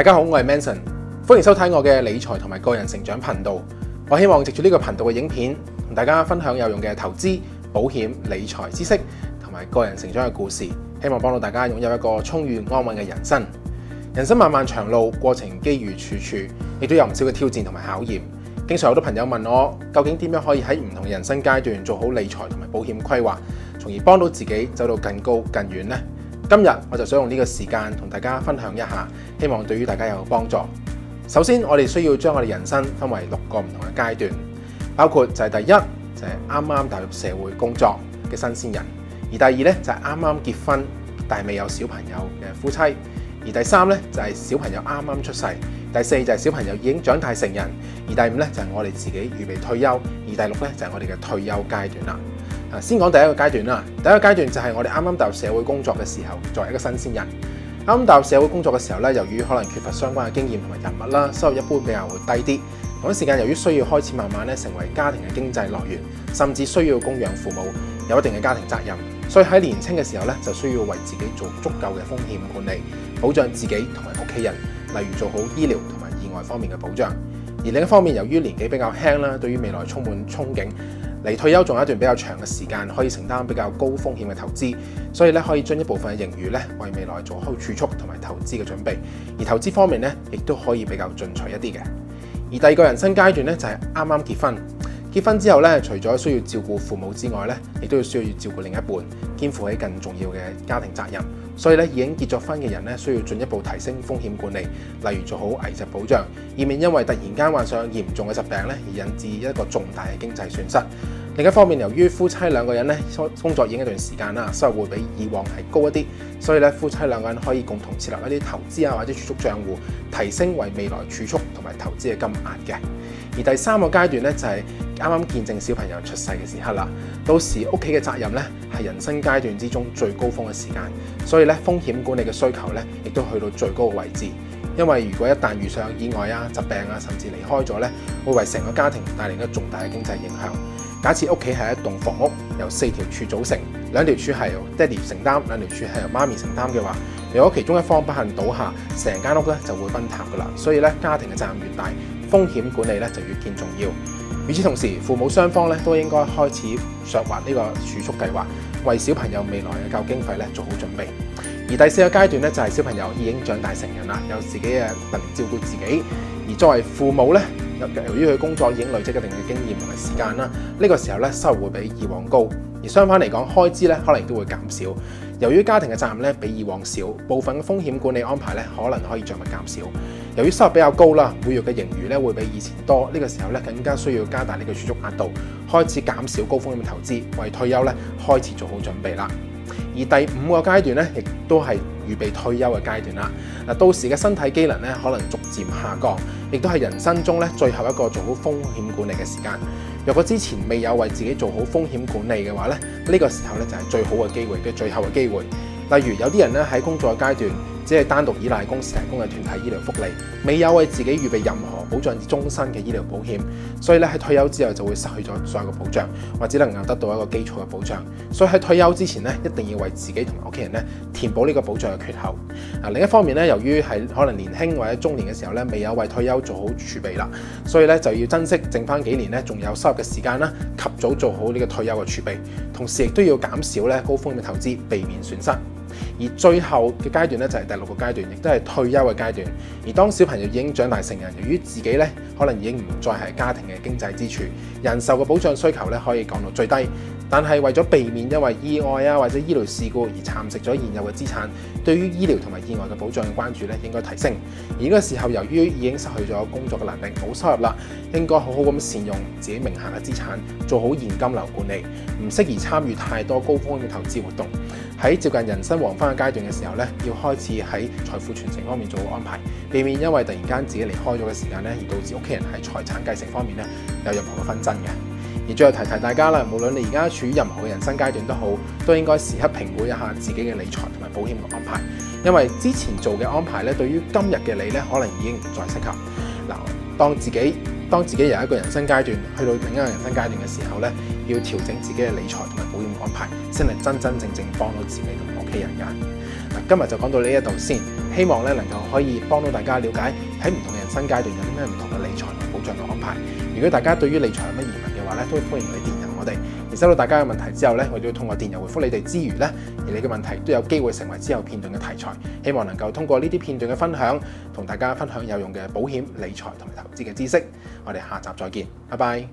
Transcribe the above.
大家好，我係 Manson，歡迎收睇我嘅理財同埋個人成長頻道。我希望藉住呢個頻道嘅影片，同大家分享有用嘅投資、保險、理財知識同埋個人成長嘅故事，希望幫到大家擁有一個充裕安穩嘅人生。人生漫漫長路，過程機遇處處，亦都有唔少嘅挑戰同埋考驗。經常有好多朋友問我，究竟點樣可以喺唔同人生階段做好理財同埋保險規劃，從而幫到自己走到更高更遠呢？今日我就想用呢個時間同大家分享一下，希望對於大家有幫助。首先，我哋需要將我哋人生分為六個唔同嘅階段，包括就係第一就係啱啱踏入社會工作嘅新鮮人，而第二呢就係啱啱結婚但係未有小朋友嘅夫妻，而第三呢就係小朋友啱啱出世，第四就係小朋友已經長大成人，而第五呢就係我哋自己預備退休，而第六呢就係我哋嘅退休階段啦。先講第一個階段啦。第一個階段就係我哋啱啱踏入社會工作嘅時候，作為一個新鮮人。啱啱踏入社會工作嘅時候咧，由於可能缺乏相關嘅經驗同埋人物啦，收入一般比較會低啲。同一時間由於需要開始慢慢咧成為家庭嘅經濟來源，甚至需要供養父母，有一定嘅家庭責任。所以喺年輕嘅時候咧，就需要為自己做足夠嘅風險管理，保障自己同埋屋企人，例如做好醫療同埋意外方面嘅保障。而另一方面，由於年紀比較輕啦，對於未來充滿憧憬。離退休仲有一段比較長嘅時間，可以承擔比較高風險嘅投資，所以咧，可以將一部分嘅盈餘咧，為未來做好儲蓄同埋投資嘅準備。而投資方面咧，亦都可以比較進取一啲嘅。而第二個人生階段咧，就係啱啱結婚，結婚之後咧，除咗需要照顧父母之外咧，亦都要需要照顧另一半，肩負起更重要嘅家庭責任。所以咧，已經結咗婚嘅人咧，需要進一步提升風險管理，例如做好危疾保障，以免因為突然間患上嚴重嘅疾病咧，而引致一個重大嘅經濟損失。另一方面，由於夫妻兩個人咧，工作已經一段時間啦，收入會比以往係高一啲，所以咧，夫妻兩個人可以共同設立一啲投資啊，或者儲蓄帳戶，提升為未來儲蓄同埋投資嘅金額嘅。而第三個階段咧，就係啱啱見證小朋友出世嘅時刻啦。到時屋企嘅責任咧，係人生階段之中最高峰嘅時間，所以咧，風險管理嘅需求咧，亦都去到最高嘅位置。因為如果一旦遇上意外啊、疾病啊，甚至離開咗咧，會為成個家庭帶嚟一個重大嘅經濟影響。假設屋企係一棟房屋，由四條柱組成，兩條柱係由爹哋承擔，兩條柱係由媽咪承擔嘅話，如果其中一方不幸倒下，成間屋咧就會崩塌㗎喇。所以咧，家庭嘅責任越大，風險管理咧就越見重要。與此同時，父母雙方咧都應該開始策劃呢個儲蓄計劃，為小朋友未來嘅教育經費咧做好準備。而第四個階段咧就係小朋友已經長大成人啦，有自己嘅能力照顧自己，而作為父母咧。由於佢工作已經累積一定嘅經驗同埋時間啦，呢個時候咧收入會比以往高，而相反嚟講，開支咧可能亦都會減少。由於家庭嘅責任咧比以往少，部分嘅風險管理安排咧可能可以進一步減少。由於收入比較高啦，每月嘅盈餘咧會比以前多，呢個時候咧更加需要加大你嘅儲蓄額度，開始減少高風險嘅投資，為退休咧開始做好準備啦。而第五個階段咧，亦都係預備退休嘅階段啦。嗱，到時嘅身體機能咧，可能逐漸下降，亦都係人生中咧最後一個做好風險管理嘅時間。若果之前未有為自己做好風險管理嘅話咧，呢、這個時候咧就係、是、最好嘅機會，嘅最後嘅機會。例如有啲人咧喺工作嘅階段。只係單獨依賴公司提供嘅團體醫療福利，未有為自己預備任何保障至終身嘅醫療保險，所以咧喺退休之後就會失去咗所有嘅保障，或者能夠得到一個基礎嘅保障。所以喺退休之前咧，一定要為自己同屋企人咧填補呢個保障嘅缺口。另一方面咧，由於係可能年輕或者中年嘅時候咧，未有為退休做好儲備啦，所以咧就要珍惜剩翻幾年咧仲有收入嘅時間啦，及早做好呢個退休嘅儲備，同時亦都要減少咧高風險投資，避免損失。而最後嘅階段咧，就係第六個階段，亦都係退休嘅階段。而當小朋友已經長大成人，由於自己咧可能已經唔再係家庭嘅經濟支柱，人壽嘅保障需求咧可以降到最低。但係為咗避免因為意外啊或者醫療事故而蠶食咗現有嘅資產，對於醫療同埋意外嘅保障嘅關注咧應該提升。而呢個時候由於已經失去咗工作嘅能力冇收入啦，應該好好咁善用自己名下嘅資產，做好現金流管理，唔適宜參與太多高風險投資活動。喺接近人生黃昏嘅階段嘅時候咧，要開始喺財富傳承方面做好安排，避免因為突然間自己離開咗嘅時間咧，而導致屋企人喺財產繼承方面咧有任何嘅紛爭嘅。而最後提提大家啦，無論你而家處於任何嘅人生階段都好，都應該時刻評估一下自己嘅理財同埋保險嘅安排，因為之前做嘅安排咧，對於今日嘅你咧，可能已經唔再適合。嗱，當自己當自己由一個人生階段，去到另一個人生階段嘅時候咧，要調整自己嘅理財同埋保險嘅安排，先係真真正正幫到自己同屋企人噶。嗱，今日就講到呢一度先，希望咧能夠可以幫到大家了解喺唔同嘅人生階段有啲咩唔同嘅理財同保障嘅安排。如果大家對於理財有乜疑，都歡迎你電郵我哋，而收到大家嘅問題之後呢，我哋要通過電郵回覆你哋之餘呢，而你嘅問題都有機會成為之後片段嘅題材，希望能夠通過呢啲片段嘅分享，同大家分享有用嘅保險、理財同埋投資嘅知識。我哋下集再見，拜拜。